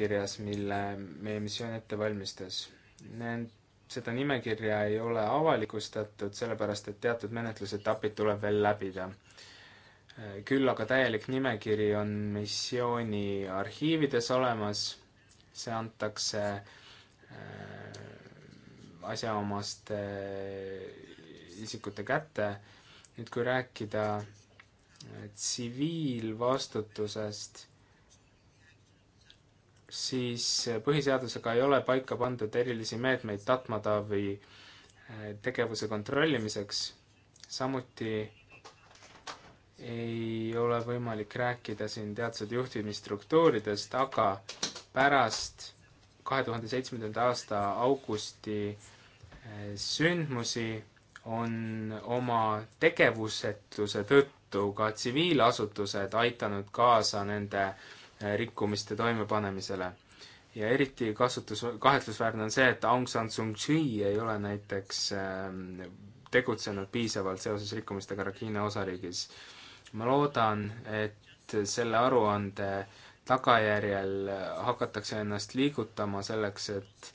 kirjas, mille meie missioon ette valmistas. seda nimekirja ei ole avalikustatud, sellepärast et teatud menetlusetapid tuleb veel läbida. küll aga täielik nimekiri on missiooni arhiivides olemas, see antakse äh, asjaomaste äh, isikute kätte. nüüd, kui rääkida äh, tsiviilvastutusest siis äh, põhiseadusega ei ole paika pandud erilisi meetmeid Tatmadavi äh, tegevuse kontrollimiseks, samuti ei ole võimalik rääkida siin teatud juhtimisstruktuuridest, aga pärast kahe tuhande seitsmendanda aasta augusti äh, sündmusi on oma tegevusetuse tõttu ka tsiviilasutused aidanud kaasa nende äh, Äh, rikkumiste toimepanemisele. ja eriti kasutus, kahetlusväärne on see, et Aung San Suu Kyi ei ole näiteks ähm, tegutsenud piisavalt seoses rikkumistega Rakhine osariigis. ma loodan, et selle aruande tagajärjel hakatakse ennast liigutama selleks, et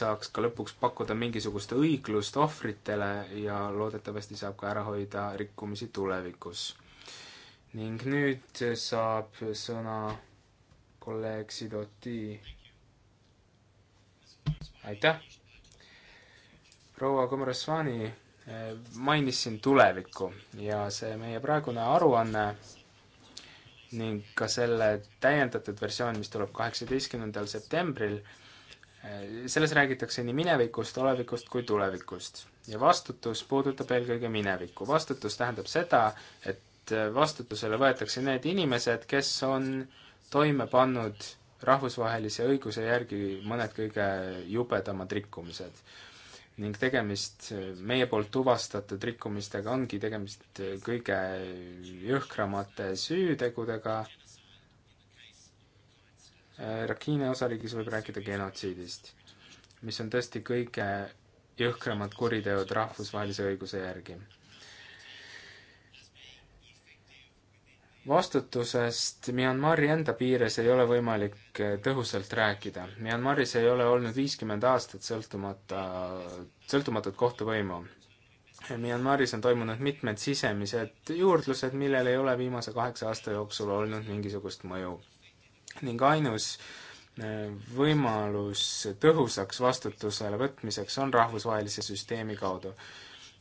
saaks ka lõpuks pakkuda mingisugust õiglust ohvritele ja loodetavasti saab ka ära hoida rikkumisi tulevikus ning nüüd saab sõna kolleeg Sidoti. aitäh! proua Komorosvani eh, mainis siin tulevikku ja see meie praegune aruanne ning ka selle täiendatud versioon, mis tuleb kaheksateistkümnendal septembril, eh, selles räägitakse nii minevikust, olevikust kui tulevikust. ja vastutus puudutab eelkõige minevikku. vastutus tähendab seda, et et vastutusele võetakse need inimesed, kes on toime pannud rahvusvahelise õiguse järgi mõned kõige jubedamad rikkumised. ning tegemist, meie poolt tuvastatud rikkumistega ongi tegemist kõige jõhkramate süütegudega. Rakhine osariigis võib rääkida genotsiidist, mis on tõesti kõige jõhkramad kuriteod rahvusvahelise õiguse järgi vastutusest Myanmari enda piires ei ole võimalik eh, tõhusalt rääkida. Myanmaris ei ole olnud viiskümmend aastat sõltumata, sõltumatut kohtuvõimu. Myanmaris on toimunud mitmed sisemised juurdlused, millel ei ole viimase kaheksa aasta jooksul olnud mingisugust mõju. ning ainus eh, võimalus tõhusaks vastutusele võtmiseks on rahvusvahelise süsteemi kaudu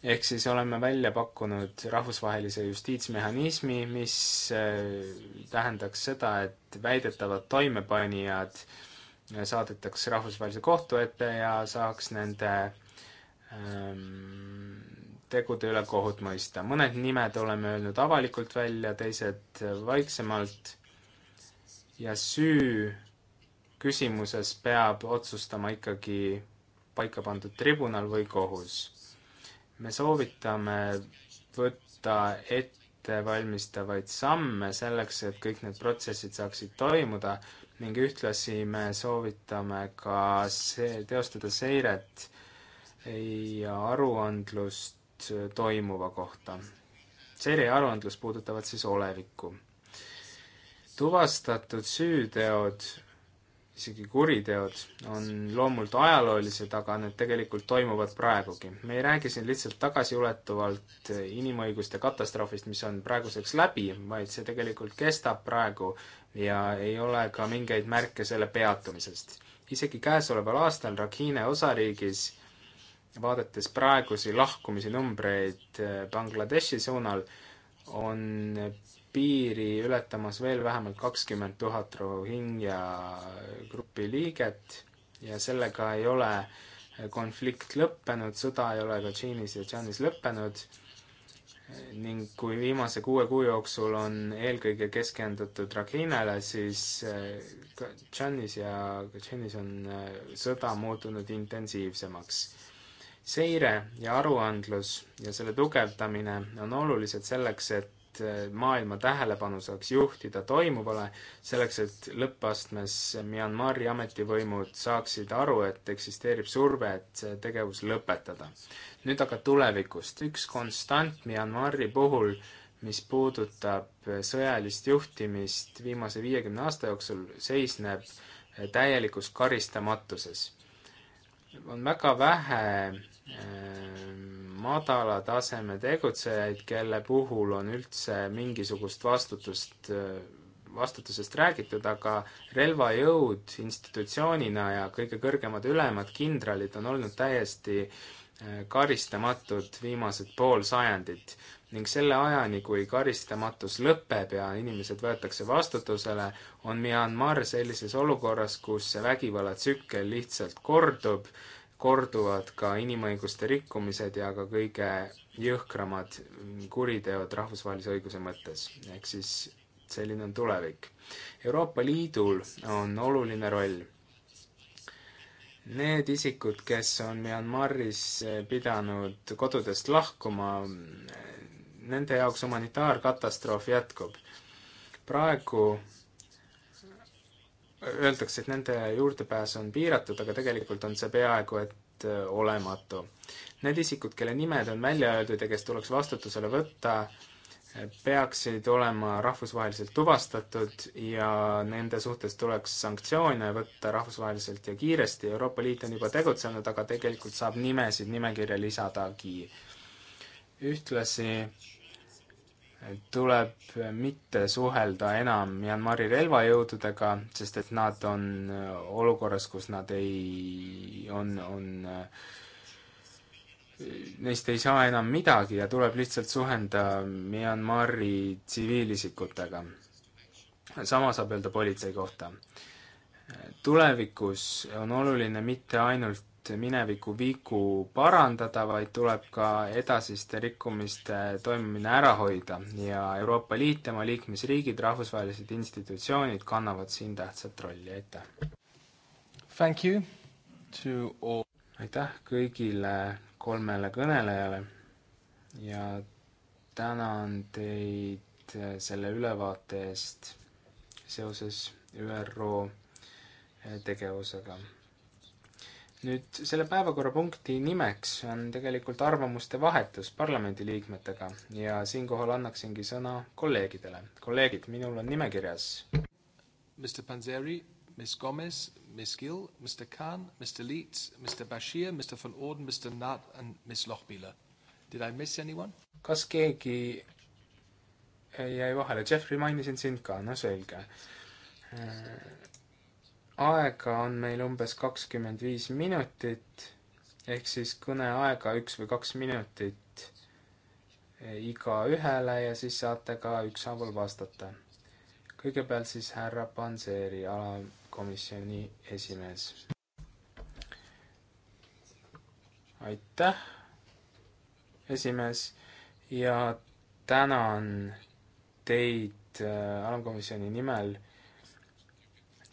ehk siis oleme välja pakkunud rahvusvahelise justiitsmehhanismi, mis äh, tähendaks seda, et väidetavad toimepanijad äh, saadetakse rahvusvahelise kohtu ette ja saaks nende ähm, tegude üle kohut mõista. mõned nimed oleme öelnud avalikult välja, teised vaiksemalt ja süü küsimuses peab otsustama ikkagi paika pandud tribunal või kohus me soovitame võtta ettevalmistavaid samme selleks, et kõik need protsessid saaksid toimuda ning ühtlasi me soovitame ka see, teostada seiret ja aruandlust toimuva kohta. seire ja aruandlus puudutavad siis olevikku. tuvastatud süüteod isegi kuriteod on loomult ajaloolised, aga need tegelikult toimuvad praegugi. me ei räägi siin lihtsalt tagasiulatuvalt inimõiguste katastroofist, mis on praeguseks läbi, vaid see tegelikult kestab praegu ja ei ole ka mingeid märke selle peatumisest. isegi käesoleval aastal Rakhine osariigis, vaadates praegusi lahkumise numbreid eh, Bangladeshi suunal, on piiri ületamas veel vähemalt kakskümmend tuhat Rohingja grupi liiget ja sellega ei ole konflikt lõppenud, sõda ei ole ka Tšiinis ja Tšaanis lõppenud ning kui viimase kuue kuu jooksul on eelkõige keskendutud Rakhinale, siis eh, Tšannis ja Tšennis on eh, sõda muutunud intensiivsemaks. seire ja aruandlus ja selle tugevdamine on olulised selleks, et Äh, maailma tähelepanu saaks juhtida toimuvale, selleks et lõppastmes Myanmari ametivõimud saaksid aru, et eksisteerib surve, et see tegevus lõpetada. nüüd aga tulevikust. üks konstant Myanmari puhul, mis puudutab äh, sõjalist juhtimist viimase viiekümne aasta jooksul, seisneb äh, täielikus karistamatuses. on väga vähe äh, madala taseme tegutsejaid, kelle puhul on üldse mingisugust vastutust, vastutusest räägitud, aga relvajõud institutsioonina ja kõige kõrgemad ülemad, kindralid, on olnud täiesti äh, karistamatud viimased pool sajandit ning selle ajani, kui karistamatus lõpeb ja inimesed võetakse vastutusele, on Myanmar sellises olukorras, kus see vägivallatsükkel lihtsalt kordub korduvad ka inimõiguste rikkumised ja ka kõige jõhkramad kuriteod rahvusvahelise õiguse mõttes, ehk siis selline on tulevik. Euroopa Liidul on oluline roll. Need isikud, kes on Myanmaris pidanud kodudest lahkuma, nende jaoks humanitaarkatastroof jätkub. praegu öeldakse, et nende juurdepääs on piiratud, aga tegelikult on see peaaegu et äh, olematu. Need isikud, kelle nimed on välja öeldud ja kes tuleks vastutusele võtta, äh, peaksid olema rahvusvaheliselt tuvastatud ja nende suhtes tuleks sanktsioone võtta rahvusvaheliselt ja kiiresti. Euroopa Liit on juba tegutsenud, aga tegelikult saab nimesid nimekirja lisadagi. ühtlasi tuleb mitte suhelda enam Myanmari relvajõududega, sest et nad on olukorras, kus nad ei, on, on, neist ei saa enam midagi ja tuleb lihtsalt suhelda Myanmari tsiviilisikutega. sama saab öelda politsei kohta tulevikus on oluline mitte ainult mineviku vigu parandada, vaid tuleb ka edasiste rikkumiste toimumine ära hoida ja Euroopa Liit, tema liikmesriigid, rahvusvahelised institutsioonid kannavad siin tähtsat rolli, aitäh! Thank you to all aitäh kõigile kolmele kõnelejale ja tänan teid selle ülevaate eest seoses ÜRO tegevusega nüüd selle päevakorrapunkti nimeks on tegelikult arvamuste vahetus parlamendiliikmetega ja siinkohal annaksingi sõna kolleegidele. kolleegid, minul on nimekirjas. Mr Panzeri, Miss Gomez, Miss Gill, Mr Khan, Mr Leets, Mr Bashir, Mr Van Orden, Mr Nad and Miss Lohbiller. Did I miss anyone? kas keegi jäi vahele? Jeffrey, mainisin sind ka, no selge äh, aega on meil umbes kakskümmend viis minutit, ehk siis kõneaega üks või kaks minutit igaühele ja siis saate ka ükshaaval vastata. kõigepealt siis härra Panseri, alakomisjoni esimees. aitäh, esimees, ja tänan teid äh, alamkomisjoni nimel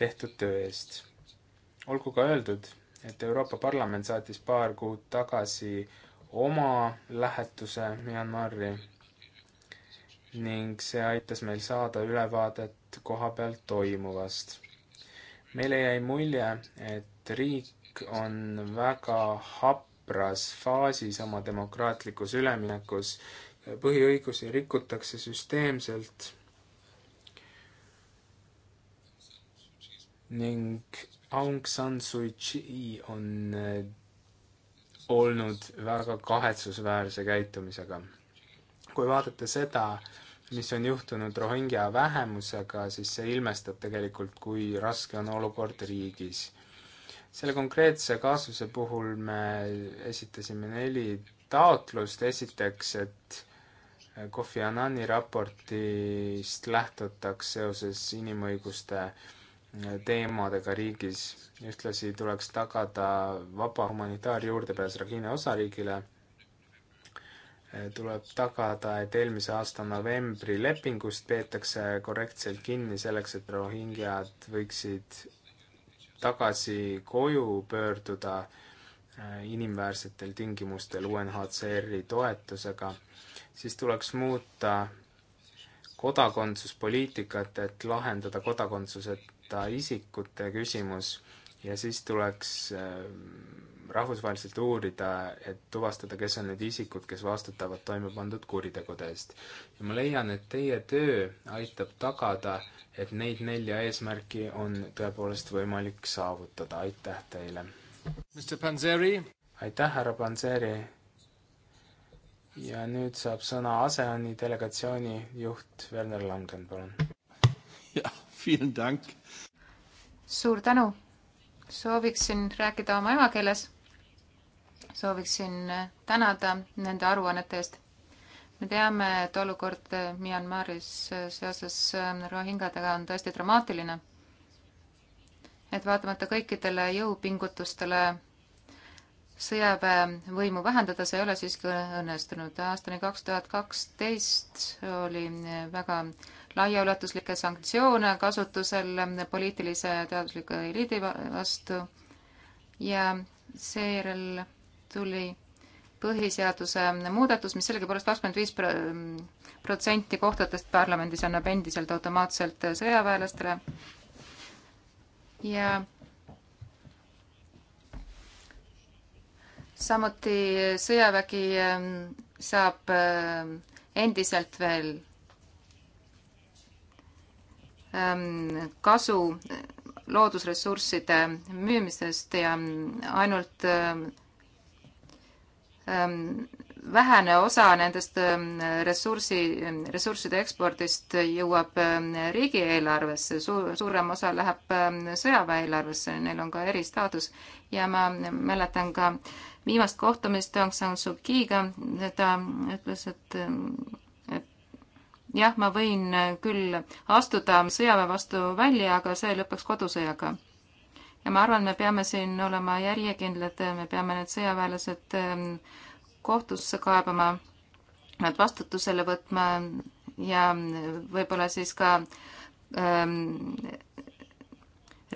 tehtud töö eest. olgu ka öeldud, et Euroopa Parlament saatis paar kuud tagasi oma lähetuse Myanmari ning see aitas meil saada ülevaadet kohapeal toimuvast. meile jäi mulje, et riik on väga hapras faasis oma demokraatlikus üleminekus, põhiõigusi rikutakse süsteemselt ning Aung San Suu Kyi on eh, olnud väga kahetsusväärse käitumisega. kui vaadata seda, mis on juhtunud Rohingja vähemusega, siis see ilmestab tegelikult, kui raske on olukord riigis. selle konkreetse kaasuse puhul me esitasime neli taotlust, esiteks, et Kofi Annani raportist lähtutaks seoses inimõiguste äh, teemadega riigis. ühtlasi tuleks tagada vaba humanitaarjuurdepääs Rakhine osariigile. tuleb tagada, et eelmise aasta novembri lepingust peetakse korrektselt kinni selleks, et rohingjad võiksid tagasi koju pöörduda eh, inimväärsetel tingimustel UNHCR-i toetusega, siis tuleks muuta kodakondsuspoliitikat, et lahendada kodakondsused kolmandate isikute küsimus ja siis tuleks ähm, rahvusvaheliselt uurida, et tuvastada, kes on need isikud, kes vastutavad toime pandud kuritegude eest. ja ma leian, et teie töö aitab tagada, et neid nelja eesmärki on tõepoolest võimalik saavutada, aitäh teile! aitäh, härra Panseri! ja nüüd saab sõna ASEAN-i delegatsiooni juht Werner Langen, palun! jah suur tänu. sooviksin rääkida oma emakeeles. sooviksin äh, tänada nende aruannete eest. me teame, et olukord äh, Myanmaris äh, seoses rohingadega on tõesti dramaatiline. et vaatamata kõikidele jõupingutustele sõjaväevõimu vähendada, see ei ole siiski õnnestunud. aastani kaks tuhat kaksteist oli väga äh, laiaulatuslikke sanktsioone kasutusel poliitilise teadusliku eliidi vastu ja seejärel tuli põhiseaduse muudatus, mis sellegipoolest kakskümmend viis protsenti kohtadest parlamendis annab endiselt automaatselt sõjaväelastele ja samuti sõjavägi ehm, saab ehm, endiselt veel Ähm, kasu äh, loodusressursside müümisest ja ähm, ainult ähm, vähene osa nendest ressursi, ressursside ekspordist jõuab riigieelarvesse, suur, suurem osa läheb sõjaväe eelarvesse, neil on ka eristaatus. ja ma mäletan ka viimast kohtumist Aung San Suu Kyi'ga, ta ütles, et jah, ma võin äh, küll astuda sõjaväe vastu välja, aga see lõpeks kodusõjaga. ja ma arvan, me peame siin olema järjekindlad, me peame need sõjaväelased ähm, kohtusse kaebama, nad vastutusele võtma ja võib-olla siis ka ähm,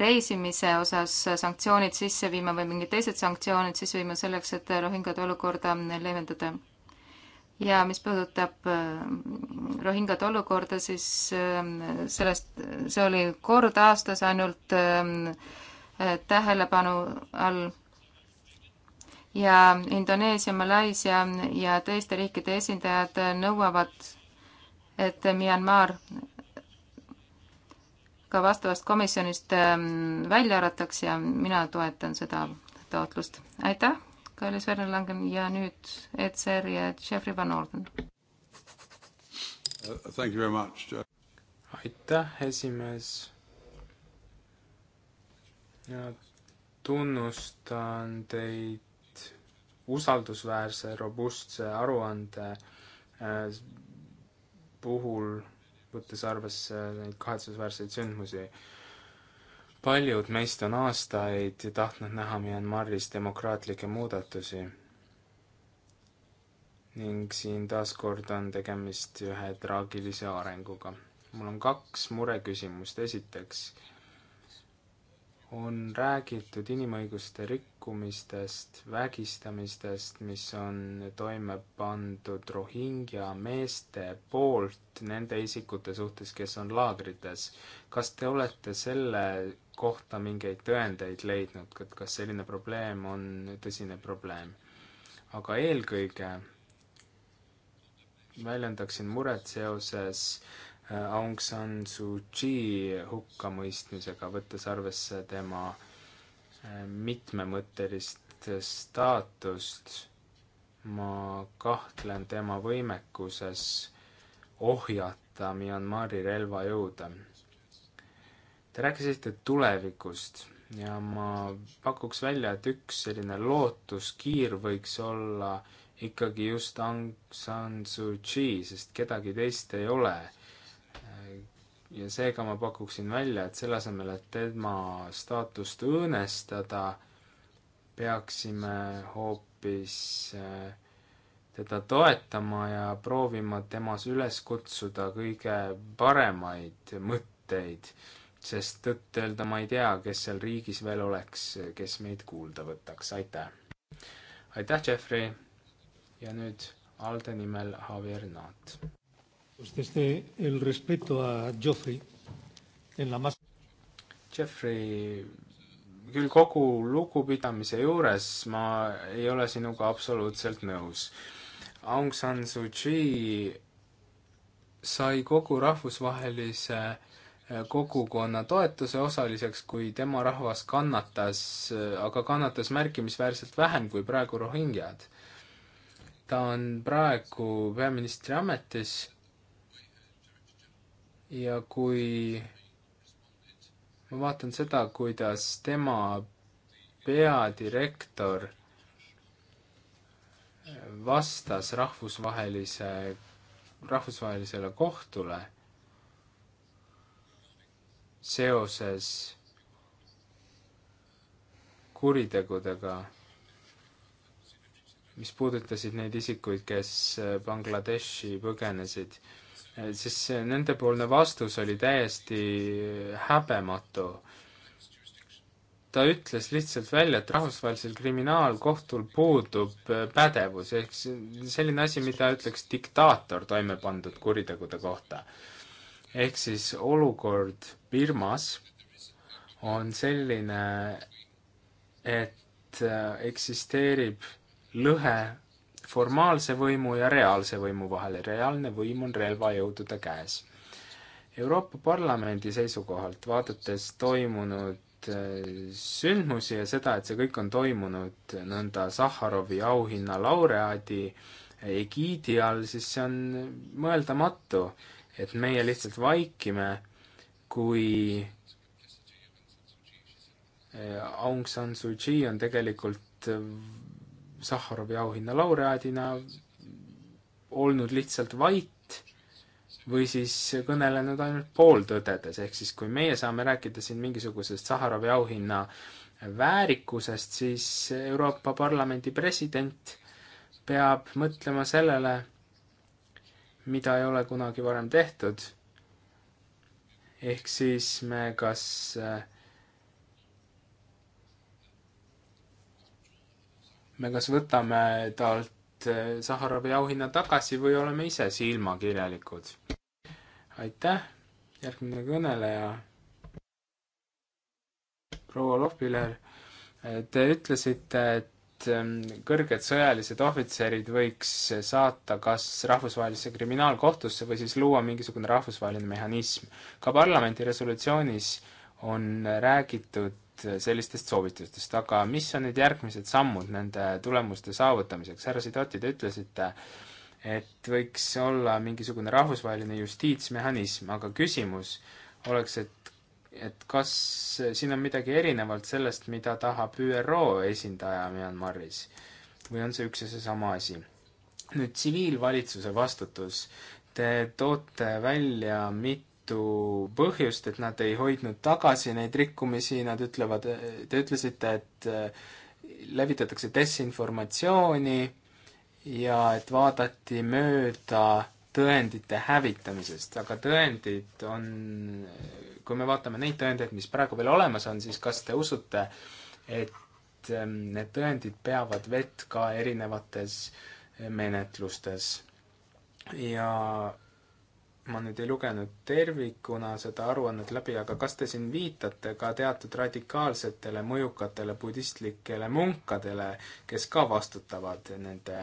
reisimise osas sanktsioonid sisse viima või mingid teised sanktsioonid sisse viima selleks, et rohingade olukorda leevendada ja mis puudutab äh, rohingade olukorda, siis äh, sellest, see oli kord aastas ainult äh, tähelepanu all ja Indoneesia, Malaisia ja teiste riikide esindajad nõuavad, et Myanmar ka vastavast komisjonist ähm, välja arvataks ja mina toetan seda taotlust. aitäh! Kailis Vernelangen ja nüüd Ed Ser ja Jeffrey Van Orden. Uh, thank you very much. aitäh, esimees. ja tunnustan teid usaldusväärse, robustse aruande äh, puhul, võttes arvesse neid kahetsusväärseid sündmusi paljud meist on aastaid tahtnud näha Myanmaris demokraatlikke muudatusi. ning siin taaskord on tegemist ühe traagilise arenguga. mul on kaks mureküsimust, esiteks on räägitud inimõiguste rikkumistest, vägistamistest, mis on toime pandud Rohingja meeste poolt nende isikute suhtes, kes on laagrites. kas te olete selle kohta mingeid tõendeid leidnud, et kas selline probleem on tõsine probleem. aga eelkõige väljendaksin muret seoses äh, Aung San Suu Kyi hukkamõistmisega, võttes arvesse tema äh, mitmemõttelist staatust. ma kahtlen tema võimekuses ohjata Myanmari relvajõude Te rääkisite tulevikust ja ma pakuks välja, et üks selline lootuskiir võiks olla ikkagi just Aung San Suu Kyi, sest kedagi teist ei ole. ja seega ma pakuksin välja, et selle asemel, et tema staatust õõnestada, peaksime hoopis äh, teda toetama ja proovima temas üles kutsuda kõige paremaid mõtteid sest tõtt-öelda ma ei tea, kes seal riigis veel oleks, kes meid kuulda võtaks, aitäh! aitäh, Jeffrey! ja nüüd ALDE nimel Javier Naat. Jeffrey, küll kogu lugupidamise juures ma ei ole sinuga absoluutselt nõus. Aung San Suu Kyi sai kogu rahvusvahelise Äh, kogukonna toetuse osaliseks, kui tema rahvas kannatas, äh, aga kannatas märkimisväärselt vähem kui praegu rohingjad. ta on praegu peaministri ametis ja kui ma vaatan seda, kuidas tema peadirektor vastas rahvusvahelise, rahvusvahelisele kohtule seoses kuritegudega, mis puudutasid neid isikuid, kes Bangladeshi põgenesid, siis nendepoolne vastus oli täiesti häbematu. ta ütles lihtsalt välja, et rahvusvahelisel kriminaalkohtul puudub pädevus, ehk selline asi, mida ütleks diktaator toime pandud kuritegude kohta ehk siis olukord Birmas on selline, et äh, eksisteerib lõhe formaalse võimu ja reaalse võimu vahel. reaalne võim on relvajõudude käes. Euroopa Parlamendi seisukohalt vaadates toimunud äh, sündmusi ja seda, et see kõik on toimunud nõnda Sahharovi auhinna laureaadi egiidi all, siis see on mõeldamatu et meie lihtsalt vaikime, kui äh, Aung San Suu Kyi on tegelikult äh, Sahharovi auhinna laureaadina olnud lihtsalt vait või siis kõnelenud ainult pooltõdedes, ehk siis kui meie saame rääkida siin mingisugusest Sahharovi auhinna väärikusest, siis Euroopa Parlamendi president peab mõtlema sellele, mida ei ole kunagi varem tehtud. ehk siis me kas äh, me kas võtame talt äh, Saharovi auhinna tagasi või oleme ise silmakirjalikud. aitäh, järgmine kõneleja. proua Lohpiler, te ütlesite, et Ähm, kõrged sõjalised ohvitserid võiks saata kas rahvusvahelisse kriminaalkohtusse või siis luua mingisugune rahvusvaheline mehhanism. ka parlamendi resolutsioonis on räägitud sellistest soovitustest, aga mis on nüüd järgmised sammud nende tulemuste saavutamiseks, härra Sidoti, te ütlesite, et võiks olla mingisugune rahvusvaheline justiitsmehhanism, aga küsimus oleks, et et kas siin on midagi erinevalt sellest, mida tahab ÜRO esindaja Myanmaris või on see üks ja seesama asi? nüüd tsiviilvalitsuse vastutus. Te toote välja mitu põhjust, et nad ei hoidnud tagasi neid rikkumisi, nad ütlevad, te ütlesite, et äh, levitatakse desinformatsiooni ja et vaadati mööda äh, tõendite hävitamisest, aga tõendid on, kui me vaatame neid tõendeid, mis praegu veel olemas on, siis kas te usute, et ähm, need tõendid peavad vett ka erinevates äh, menetlustes? ja ma nüüd ei lugenud tervikuna seda aruannet läbi, aga kas te siin viitate ka teatud radikaalsetele mõjukatele budistlikele munkadele, kes ka vastutavad nende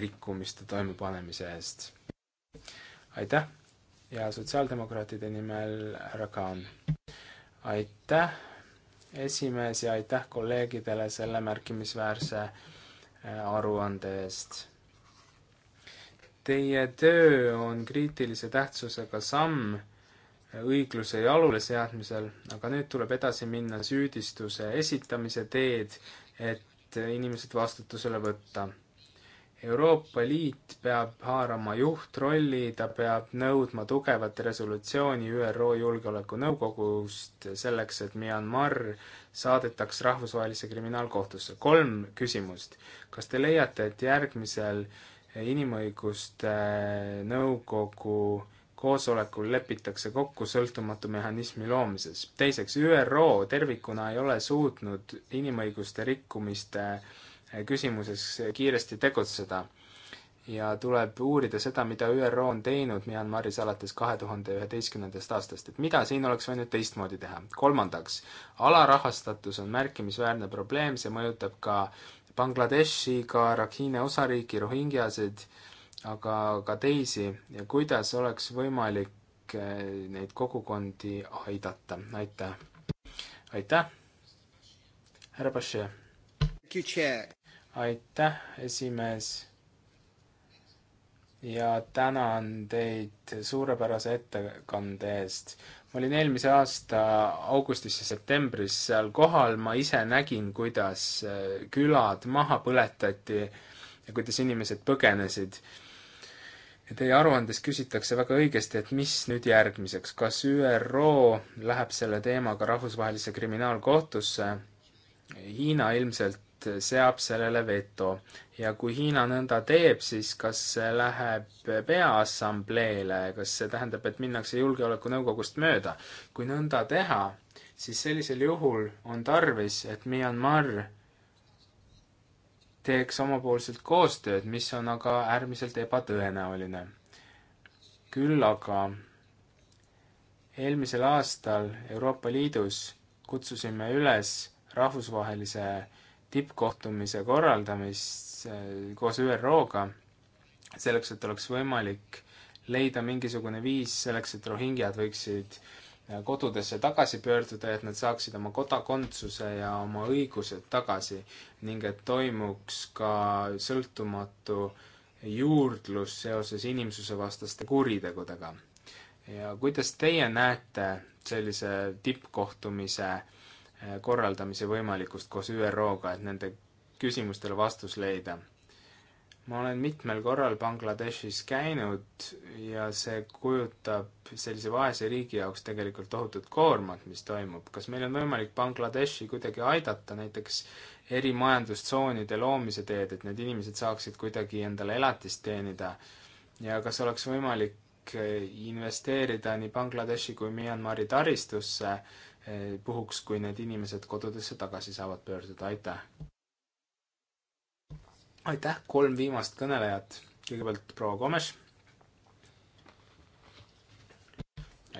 rikkumiste toimepanemise eest? aitäh ja sotsiaaldemokraatide nimel härra Kaan. aitäh, esimees ja aitäh kolleegidele selle märkimisväärse äh, aruande eest. Teie töö on kriitilise tähtsusega samm äh, õigluse jalule seadmisel, aga nüüd tuleb edasi minna süüdistuse esitamise teed, et äh, inimesed vastutusele võtta Euroopa Liit peab haarama juhtrolli, ta peab nõudma tugevat resolutsiooni ÜRO Julgeolekunõukogust selleks, et Myanmar saadetaks rahvusvahelisse kriminaalkohtusse. kolm küsimust. kas te leiate, et järgmisel inimõiguste nõukogu koosolekul lepitakse kokku sõltumatu mehhanismi loomises? teiseks, ÜRO tervikuna ei ole suutnud inimõiguste rikkumiste äh, küsimuses kiiresti tegutseda ja tuleb uurida seda, mida ÜRO on teinud Myanmaris alates kahe tuhande üheteistkümnendast aastast, et mida siin oleks võinud teistmoodi teha. kolmandaks, alarahastatus on märkimisväärne probleem, see mõjutab ka Bangladeshi, ka Rakhine osariiki, rohingjasid, aga ka teisi ja kuidas oleks võimalik eh, neid kogukondi aidata, aitäh! aitäh, härra Bashir! aitäh, esimees. ja tänan teid suurepärase ettekande eest. ma olin eelmise aasta augustis ja septembris seal kohal, ma ise nägin, kuidas äh, külad maha põletati ja kuidas inimesed põgenesid ja teie aruandes küsitakse väga õigesti, et mis nüüd järgmiseks, kas ÜRO läheb selle teemaga rahvusvahelisse kriminaalkohtusse? Hiina ilmselt Liit seab sellele veto. ja kui Hiina nõnda teeb, siis kas see läheb Peaassambleele, kas see tähendab, et minnakse Julgeolekunõukogust mööda? kui nõnda teha, siis sellisel juhul on tarvis, et Myanmar teeks omapoolselt koostööd, mis on aga äärmiselt ebatõenäoline. küll aga eelmisel aastal Euroopa Liidus kutsusime üles rahvusvahelise tippkohtumise korraldamist äh, koos ÜRO-ga, selleks, et oleks võimalik leida mingisugune viis selleks, et rohingjad võiksid äh, kodudesse tagasi pöörduda, et nad saaksid oma kodakondsuse ja oma õigused tagasi ning et toimuks ka sõltumatu juurdlus seoses inimsusevastaste kuritegudega. ja kuidas teie näete sellise tippkohtumise äh, Äh, korraldamise võimalikkust koos ÜRO-ga, et nende küsimustele vastus leida. ma olen mitmel korral Bangladeshis käinud ja see kujutab sellise vaese riigi jaoks tegelikult tohutut koormat, mis toimub. kas meil on võimalik Bangladeshi kuidagi aidata, näiteks erimajandustsoonide loomise teed, et need inimesed saaksid kuidagi endale elatist teenida ja kas oleks võimalik äh, investeerida nii Bangladeshi kui Myanmari taristusse, Eh, puhuks, kui need inimesed kodudesse tagasi saavad pöörduda, aitäh! aitäh, kolm viimast kõnelejat, kõigepealt proua Komes.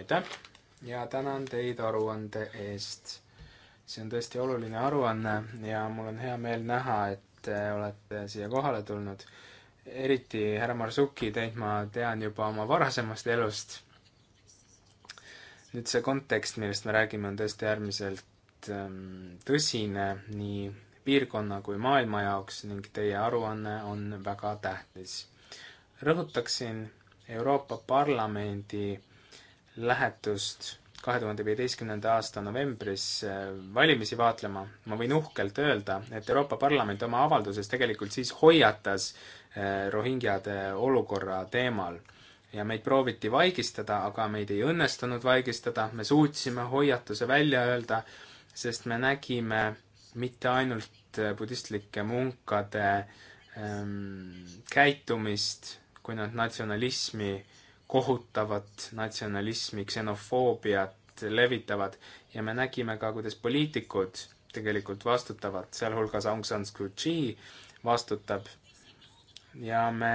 aitäh ja tänan teid aruande eest. see on tõesti oluline aruanne ja mul on hea meel näha, et eh, olete siia kohale tulnud. eriti härra Marsuki teid ma tean juba oma varasemast elust nüüd see kontekst, millest me räägime, on tõesti äärmiselt ähm, tõsine nii piirkonna kui maailma jaoks ning teie aruanne on väga tähtis. rõhutaksin Euroopa Parlamendi lähetust kahe tuhande viieteistkümnenda aasta novembris äh, valimisi vaatlema, ma võin uhkelt öelda, et Euroopa Parlament oma avalduses tegelikult siis hoiatas äh, rohingjade olukorra teemal ja meid prooviti vaigistada, aga meid ei õnnestunud vaigistada, me suutsime hoiatuse välja öelda, sest me nägime mitte ainult äh, budistlike munkade ähm, käitumist, kui nad natsionalismi kohutavat, natsionalismi, ksenofoobiat levitavad ja me nägime ka, kuidas poliitikud tegelikult vastutavad, sealhulgas Aung San Suu Kyi vastutab ja me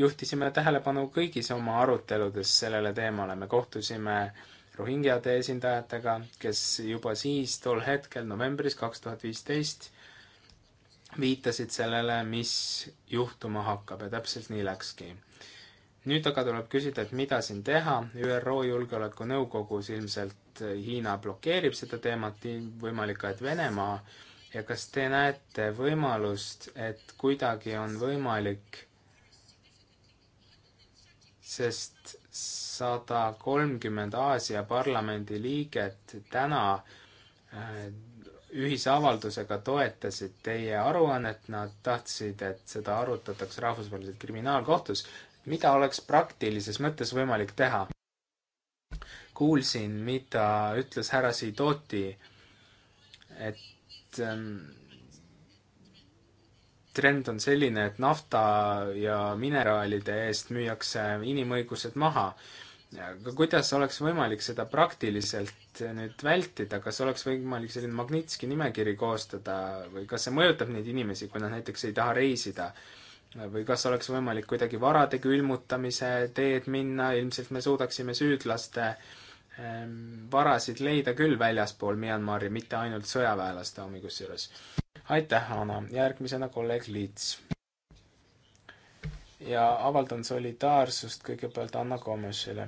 juhtisime tähelepanu kõigis oma aruteludes sellele teemale, me kohtusime Rohingjade esindajatega, kes juba siis, tol hetkel, novembris kaks tuhat viisteist, viitasid sellele, mis juhtuma hakkab ja täpselt nii läkski. nüüd aga tuleb küsida, et mida siin teha, ÜRO Julgeolekunõukogus ilmselt Hiina blokeerib seda teemat, võimalik ka, et Venemaa, ja kas te näete võimalust, et kuidagi on võimalik sest sada kolmkümmend Aasia parlamendi liiget täna äh, ühisavaldusega toetasid teie aruannet, nad tahtsid, et seda arutataks rahvusvaheliselt kriminaalkohtus. mida oleks praktilises mõttes võimalik teha? kuulsin, mida ütles härra Sidoti, et ähm, trend on selline, et nafta ja mineraalide eest müüakse inimõigused maha. aga kuidas oleks võimalik seda praktiliselt nüüd vältida, kas oleks võimalik selline Magnitski nimekiri koostada või kas see mõjutab neid inimesi, kui nad näiteks ei taha reisida? või kas oleks võimalik kuidagi varade külmutamise teed minna, ilmselt me suudaksime süüdlaste ehm, varasid leida küll väljaspool Myanmari, mitte ainult sõjaväelaste omi kusjuures aitäh, Anna, järgmisena kolleeg Liits. ja avaldan solidaarsust kõigepealt Anna Komešile.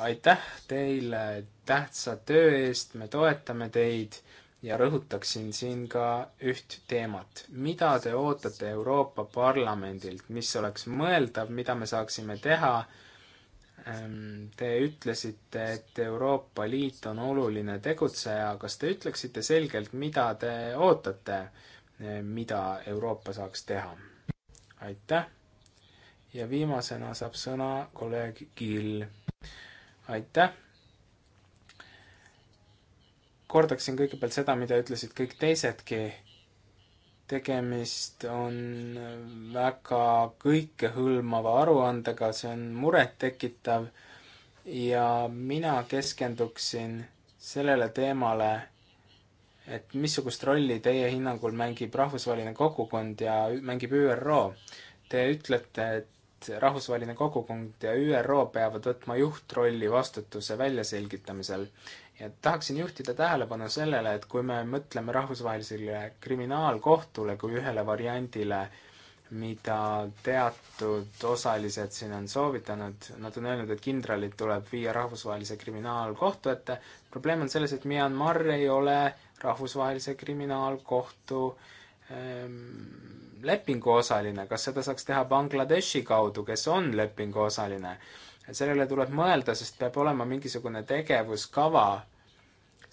aitäh teile tähtsa töö eest, me toetame teid ja rõhutaksin siin ka üht teemat. mida te ootate Euroopa Parlamendilt, mis oleks mõeldav, mida me saaksime teha Ehm, te ütlesite, et Euroopa Liit on oluline tegutseja, kas te ütleksite selgelt, mida te ootate, eh, mida Euroopa saaks teha? aitäh! ja viimasena saab sõna kolleeg Kill. aitäh! kordaksin kõigepealt seda, mida ütlesid kõik teisedki tegemist on väga kõikehõlmava aruandega, see on murettekitav ja mina keskenduksin sellele teemale, et missugust rolli teie hinnangul mängib rahvusvaheline kogukond ja mängib ÜRO. Te ütlete, et rahvusvaheline kogukond ja ÜRO peavad võtma juhtrolli vastutuse väljaselgitamisel ja tahaksin juhtida tähelepanu sellele, et kui me mõtleme rahvusvahelisele kriminaalkohtule kui ühele variandile, mida teatud osalised siin on soovitanud, nad on öelnud, et kindralid tuleb viia rahvusvahelise kriminaalkohtu ette, probleem on selles, et Myanmar ei ole rahvusvahelise kriminaalkohtu ähm, lepinguosaline, kas seda saaks teha Bangladeshi kaudu, kes on lepinguosaline? sellele tuleb mõelda, sest peab olema mingisugune tegevuskava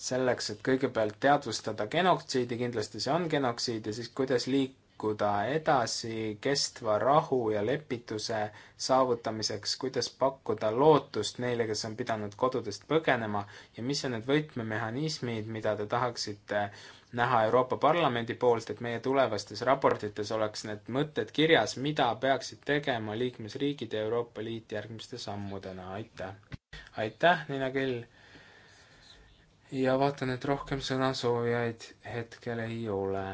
selleks, et kõigepealt teadvustada genotsiidi, kindlasti see on genotsiid, ja siis kuidas liikuda edasi kestva rahu ja lepituse saavutamiseks, kuidas pakkuda lootust neile, kes on pidanud kodudest põgenema ja mis on need võtmemehhanismid, mida te tahaksite näha Euroopa Parlamendi poolt, et meie tulevastes raportites oleks need mõtted kirjas, mida peaksid tegema liikmesriigid ja Euroopa Liit järgmiste sammudena, aitäh! aitäh, Nina Kill! ja vaatan, et rohkem sõnasoovijaid hetkel ei ole.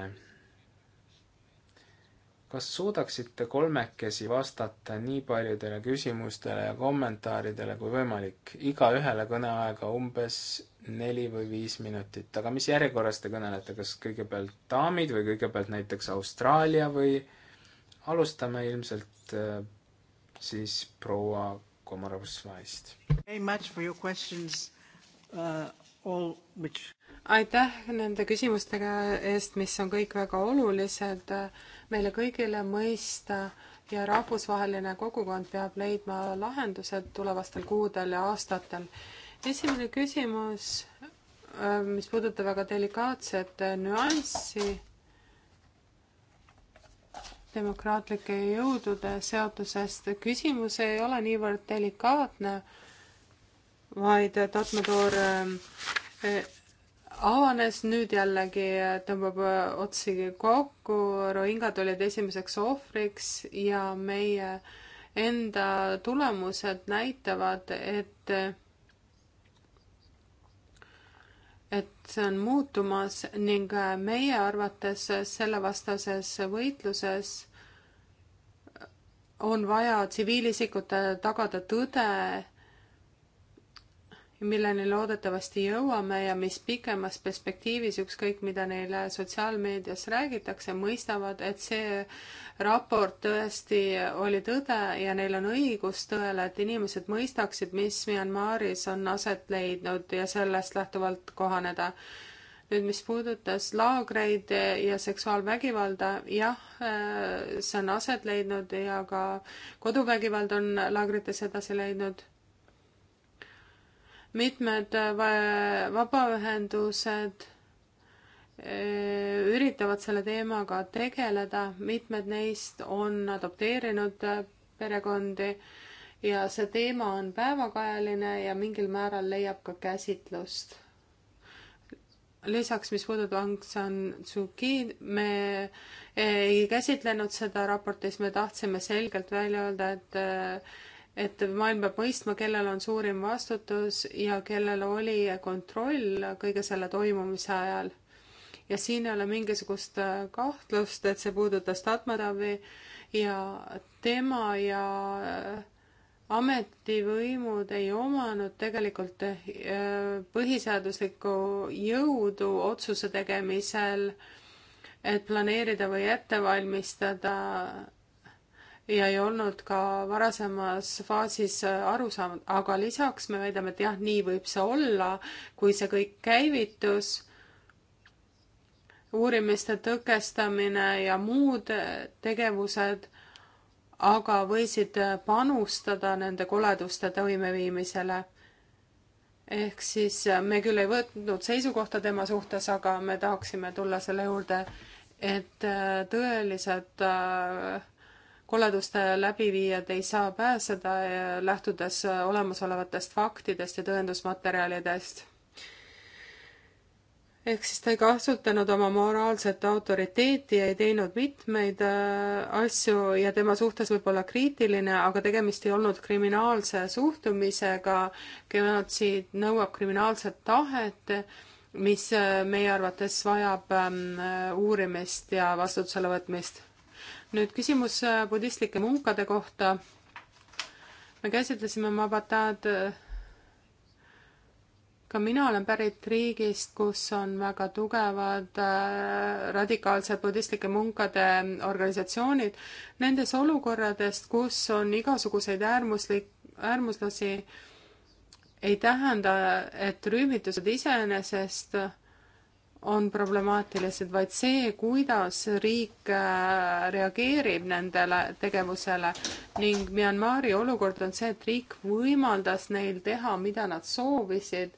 kas suudaksite kolmekesi vastata nii paljudele küsimustele ja kommentaaridele kui võimalik, igaühele kõneaega umbes neli või viis minutit, aga mis järjekorras te kõnelete, kas kõigepealt daamid või kõigepealt näiteks Austraalia või alustame ilmselt äh, siis proua Komarovsvaist. Uh, aitäh nende küsimustega eest, mis on kõik väga olulised meile kõigile mõista ja rahvusvaheline kogukond peab leidma lahendused tulevastel kuudel ja aastatel esimene küsimus, äh, mis puudutab väga delikaatset äh, nüanssi demokraatlike jõudude seotusest. küsimus ei ole niivõrd delikaatne, vaid Tatmatoor äh, avanes nüüd jällegi, tõmbab otsi kokku, rohingad olid esimeseks ohvriks ja meie enda tulemused näitavad, et et see on muutumas ning äh, meie arvates sellevastases võitluses on vaja tsiviilisikutele tagada tõde milleni loodetavasti jõuame ja mis pikemas perspektiivis, ükskõik mida neile sotsiaalmeedias räägitakse, mõistavad, et see raport tõesti oli tõde ja neil on õigus tõele, et inimesed mõistaksid, mis Myanmaris on aset leidnud ja sellest lähtuvalt kohaneda. nüüd, mis puudutas laagreid ja seksuaalvägivalda, jah, see on aset leidnud ja ka koduvägivald on laagrites edasi leidnud mitmed äh, vabaühendused äh, üritavad selle teemaga tegeleda, mitmed neist on adopteerinud äh, perekondi ja see teema on päevakajaline ja mingil määral leiab ka käsitlust. lisaks, mis puudutab Aung San Suu Kyi, me ei käsitlenud seda raportis, me tahtsime selgelt välja öelda, et et maailm peab mõistma, kellel on suurim vastutus ja kellel oli kontroll kõige selle toimumise ajal. ja siin ei ole mingisugust äh, kahtlust, et see puudutas Tatmadavi ja tema ja äh, ametivõimud ei omanud tegelikult äh, põhiseaduslikku jõudu otsuse tegemisel, et planeerida või ette valmistada ja ei olnud ka varasemas faasis aru saanud, aga lisaks me väidame, et jah, nii võib see olla, kui see kõik käivitus, uurimiste tõkestamine ja muud tegevused, aga võisid panustada nende koleduste toimeviimisele. ehk siis me küll ei võtnud seisukohta tema suhtes, aga me tahaksime tulla selle juurde, et tõelised äh, koleduste läbiviijad ei saa pääseda, eh, lähtudes eh, olemasolevatest faktidest ja tõendusmaterjalidest. ehk siis ta ei kasutanud oma moraalset autoriteeti ja ei teinud mitmeid eh, asju ja tema suhtes võib olla kriitiline, aga tegemist ei olnud kriminaalse suhtumisega. genotsiid nõuab kriminaalset tahet, mis meie arvates vajab ehm, uurimist ja vastutusele võtmist nüüd küsimus äh, budistlike munkade kohta. me käsitlesime Mabatad. ka mina olen pärit riigist, kus on väga tugevad äh, radikaalsed budistlike munkade organisatsioonid. Nendes olukordadest, kus on igasuguseid äärmuslik, äärmuslasi, ei tähenda, et rühmitused iseenesest äh, on problemaatilised, vaid see, kuidas riik äh, reageerib nendele tegevusele ning Myanmari olukord on see, et riik võimaldas neil teha, mida nad soovisid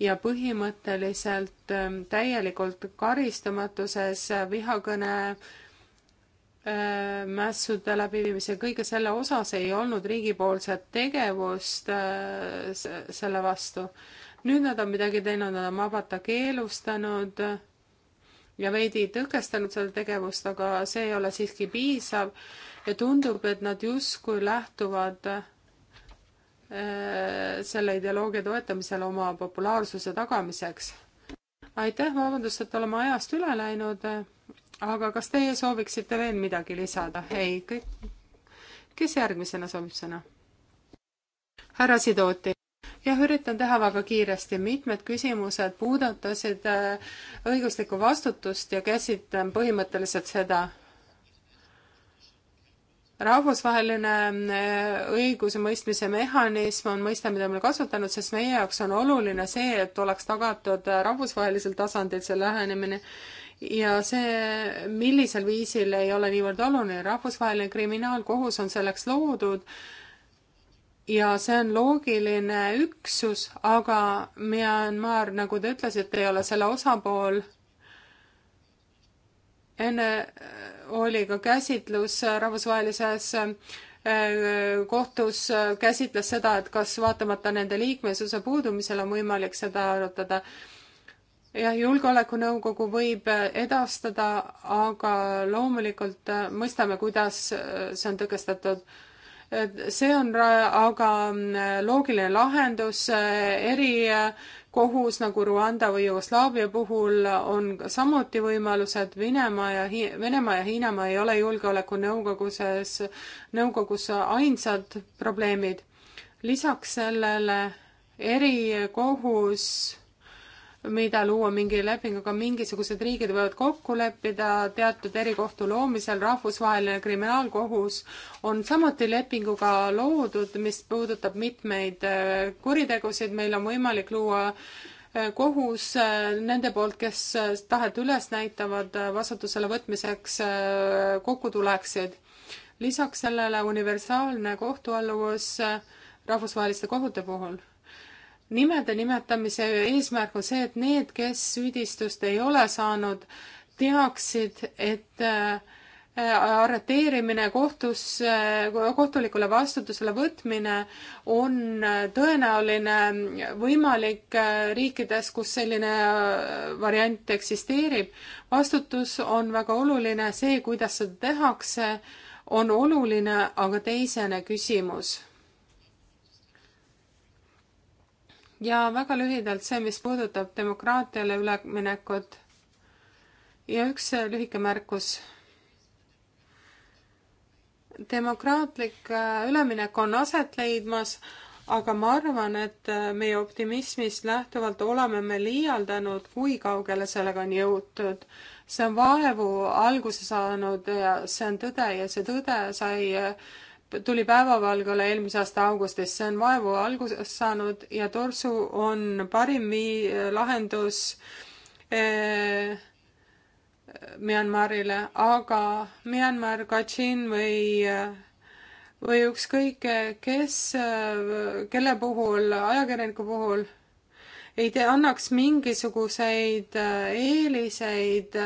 ja põhimõtteliselt ähm, täielikult karistamatuses äh, vihakõne äh, mässude läbiviimise, kõige selle osas ei olnud riigipoolset tegevust selle vastu nüüd nad on midagi teinud, nad on vabata keelustanud ja veidi tõkestanud seda tegevust, aga see ei ole siiski piisav ja tundub, et nad justkui lähtuvad äh, selle ideoloogia toetamisel oma populaarsuse tagamiseks. aitäh, vabandust, et oleme ajast üle läinud, aga kas teie sooviksite veel midagi lisada? ei, kõik, kes järgmisena soovib sõna? härra Sidoti jah, üritan teha väga kiiresti, mitmed küsimused puudutasid äh, õiguslikku vastutust ja käsitlen põhimõtteliselt seda. rahvusvaheline äh, õigusemõistmise mehhanism on mõiste, mida me oleme kasutanud, sest meie jaoks on oluline see, et oleks tagatud äh, rahvusvahelisel tasandil see lähenemine ja see, millisel viisil ei ole niivõrd oluline, rahvusvaheline kriminaalkohus on selleks loodud ja see on loogiline üksus, aga Myanmar, nagu te ütlesite, ei ole selle osapool. enne äh, oli ka käsitlus äh, rahvusvahelises äh, kohtus käsitles seda, et kas vaatamata nende liikmesuse puudumisele on võimalik seda arutada. jah, Julgeolekunõukogu võib edastada, aga loomulikult mõistame, kuidas see on tõkestatud see on aga mm, loogiline lahendus, äh, erikohus äh, nagu Rwanda või Jugoslaavia puhul on samuti võimalused, Venemaa ja Hi-, Venemaa ja Hiinamaa ei ole Julgeolekunõukoguses, nõukogus ainsad probleemid. lisaks sellele erikohus mida luua mingi lepinguga, mingisugused riigid võivad kokku leppida teatud erikohtu loomisel, rahvusvaheline kriminaalkohus on samuti lepinguga loodud, mis puudutab mitmeid äh, kuritegusid, meil on võimalik luua äh, kohus äh, nende poolt, kes tahet üles näitavad, vastutusele võtmiseks kokku tuleksid. lisaks sellele universaalne kohtualluvus rahvusvaheliste kohute puhul nimede nimetamise eesmärk on see, et need, kes süüdistust ei ole saanud, teaksid, et äh, arreteerimine kohtus, äh, kohtulikule vastutusele võtmine on äh, tõenäoline võimalik riikides, kus selline variant eksisteerib. vastutus on väga oluline, see, kuidas seda tehakse, on oluline, aga teisene küsimus ja väga lühidalt see, mis puudutab demokraatiale üleminekut. ja üks lühike märkus. demokraatlik äh, üleminek on aset leidmas, aga ma arvan, et äh, meie optimismist lähtuvalt oleme me liialdanud, kui kaugele sellega on jõutud. see on vaevu alguse saanud ja see on tõde ja see tõde sai äh, tuli päevavalgele eelmise aasta augustis, see on vaevu alguses saanud ja torsu on parim vii-, lahendus eh, Myanmarile, aga Myanmar, Kachin või või ükskõik kes, kelle puhul, ajakirjaniku puhul ei te annaks mingisuguseid äh, eeliseid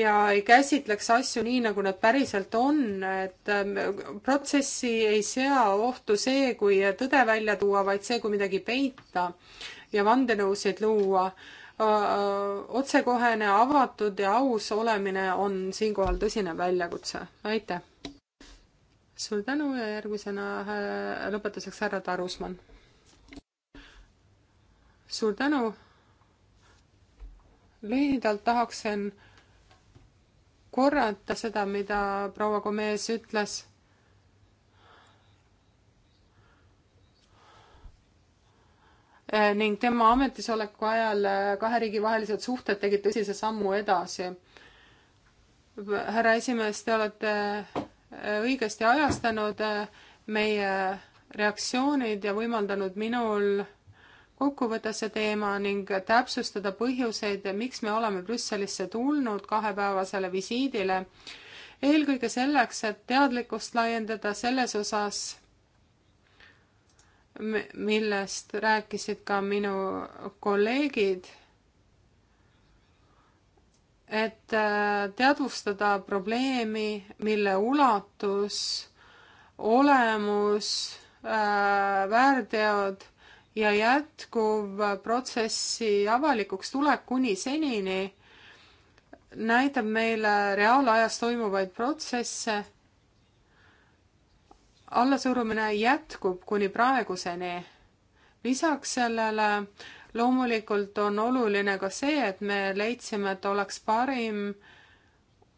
ja ei käsitleks asju nii, nagu nad päriselt on, et ähm, protsessi ei sea ohtu see, kui tõde välja tuua, vaid see, kui midagi peita ja vandenõusid luua. otsekohene, avatud ja aus olemine on siinkohal tõsine väljakutse. aitäh! suur tänu ja järgmisena äh, lõpetuseks härra Tarusmann suur tänu. lühidalt tahaksin korrata seda, mida proua Gomees ütles. Eh, ning tema ametisoleku ajal eh, kahe riigi vahelised suhted tegid tõsise sammu edasi. härra esimees, te olete eh, õigesti ajastanud meie reaktsioonid ja võimaldanud minul kokku võtta see teema ning täpsustada põhjuseid, miks me oleme Brüsselisse tulnud kahepäevasele visiidile. eelkõige selleks, et teadlikkust laiendada selles osas, millest rääkisid ka minu kolleegid, et äh, teadvustada probleemi, mille ulatus, olemus, äh, väärteod ja jätkuv protsessi avalikuks tulek kuni senini näitab meile reaalajas toimuvaid protsesse. allasurumine jätkub kuni praeguseni. lisaks sellele loomulikult on oluline ka see, et me leidsime, et oleks parim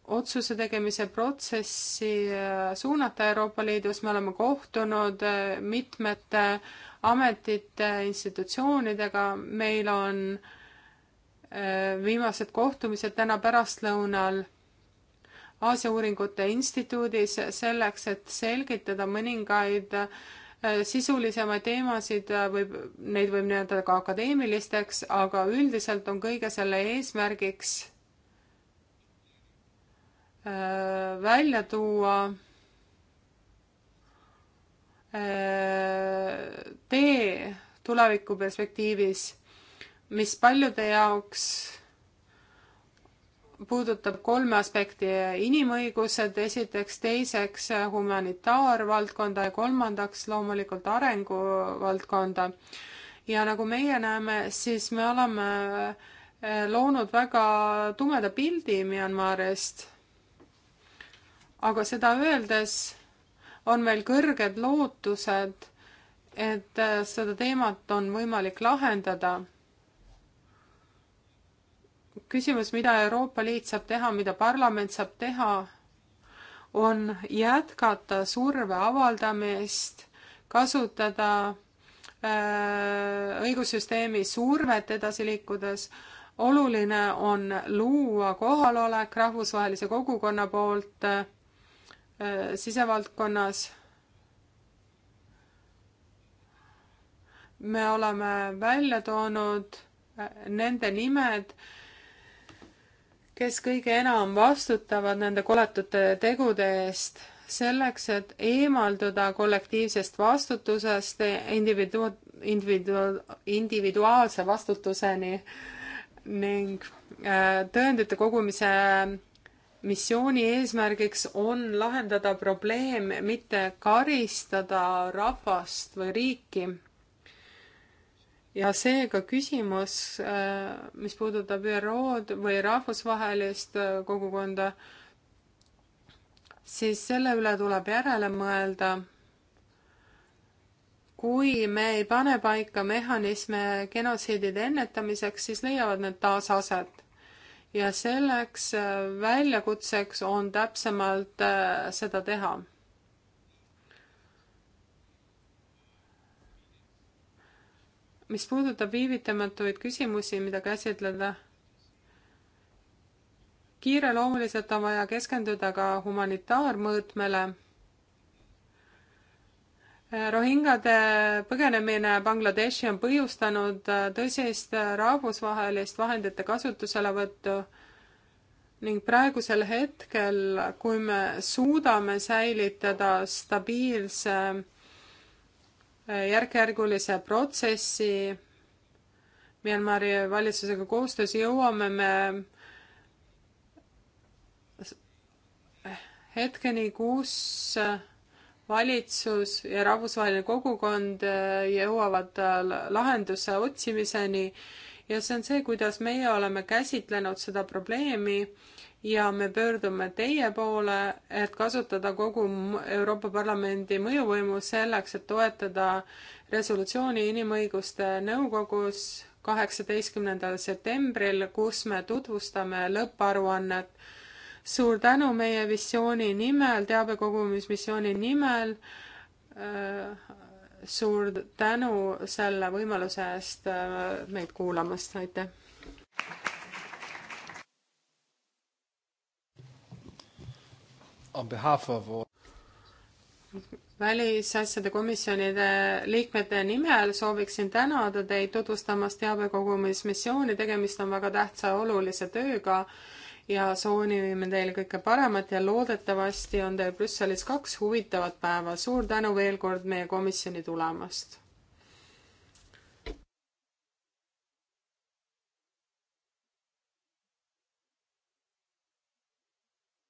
otsuse tegemise protsessi äh, suunata Euroopa Liidus, me oleme kohtunud äh, mitmete ametite, institutsioonidega, meil on äh, viimased kohtumised täna pärastlõunal Aasia Uuringute Instituudis selleks, et selgitada mõningaid äh, sisulisemaid teemasid äh, võib, neid võib nii-öelda ka akadeemilisteks, aga üldiselt on kõige selle eesmärgiks välja tuua tee tulevikuperspektiivis, mis paljude jaoks puudutab kolme aspekti, inimõigused esiteks, teiseks humanitaarvaldkonda ja kolmandaks loomulikult arenguvaldkonda. ja nagu meie näeme, siis me oleme eh, loonud väga tumeda pildi Myanmarist. aga seda öeldes on meil kõrged lootused, et äh, seda teemat on võimalik lahendada. küsimus, mida Euroopa Liit saab teha, mida parlament saab teha, on jätkata surve avaldamist, kasutada äh, õigussüsteemi survet edasi liikudes, oluline on luua kohalolek rahvusvahelise kogukonna poolt äh, Äh, sisevaldkonnas. me oleme välja toonud äh, nende nimed, kes kõige enam vastutavad nende koletute tegude eest selleks, et eemalduda kollektiivsest vastutusest individu-, individu-, individuaalse vastutuseni ning äh, tõendite kogumise missiooni eesmärgiks on lahendada probleem, mitte karistada rahvast või riiki. ja seega küsimus, äh, mis puudutab ÜRO-d või rahvusvahelist äh, kogukonda, siis selle üle tuleb järele mõelda kui me ei pane paika mehhanisme genotsiidide ennetamiseks, siis leiavad need taas aset ja selleks äh, väljakutseks on täpsemalt äh, seda teha. mis puudutab viivitamatuid küsimusi, mida käsitleda, kiireloomuliselt on vaja keskenduda ka humanitaarmõõtmele Rohingade põgenemine Bangladeshi on põhjustanud äh, tõsist äh, rahvusvahelist vahendite kasutuselevõttu ning praegusel hetkel, kui me suudame säilitada stabiilse äh, järk-järgulise protsessi Myanmari valitsusega koostöös, jõuame me hetkeni, kus valitsus ja rahvusvaheline kogukond äh, jõuavad äh, lahenduse otsimiseni ja see on see, kuidas meie oleme käsitlenud seda probleemi ja me pöördume teie poole, et kasutada kogu Euroopa Parlamendi mõjuvõimu selleks, et toetada resolutsiooni Inimõiguste Nõukogus kaheksateistkümnendal septembril, kus me tutvustame lõpparuannet suur tänu meie visiooni nimel, teabekogumismissiooni nimel. Äh, suur tänu selle võimaluse eest äh, meid kuulamast, aitäh. On behalf of all välisasjade komisjonide liikmete nimel sooviksin tänada teid tutvustamast teabekogumismissiooni, tegemist on väga tähtsa olulise tööga ja soovime teile kõike paremat ja loodetavasti on teil Brüsselis kaks huvitavat päeva. suur tänu veel kord meie komisjoni tulemast!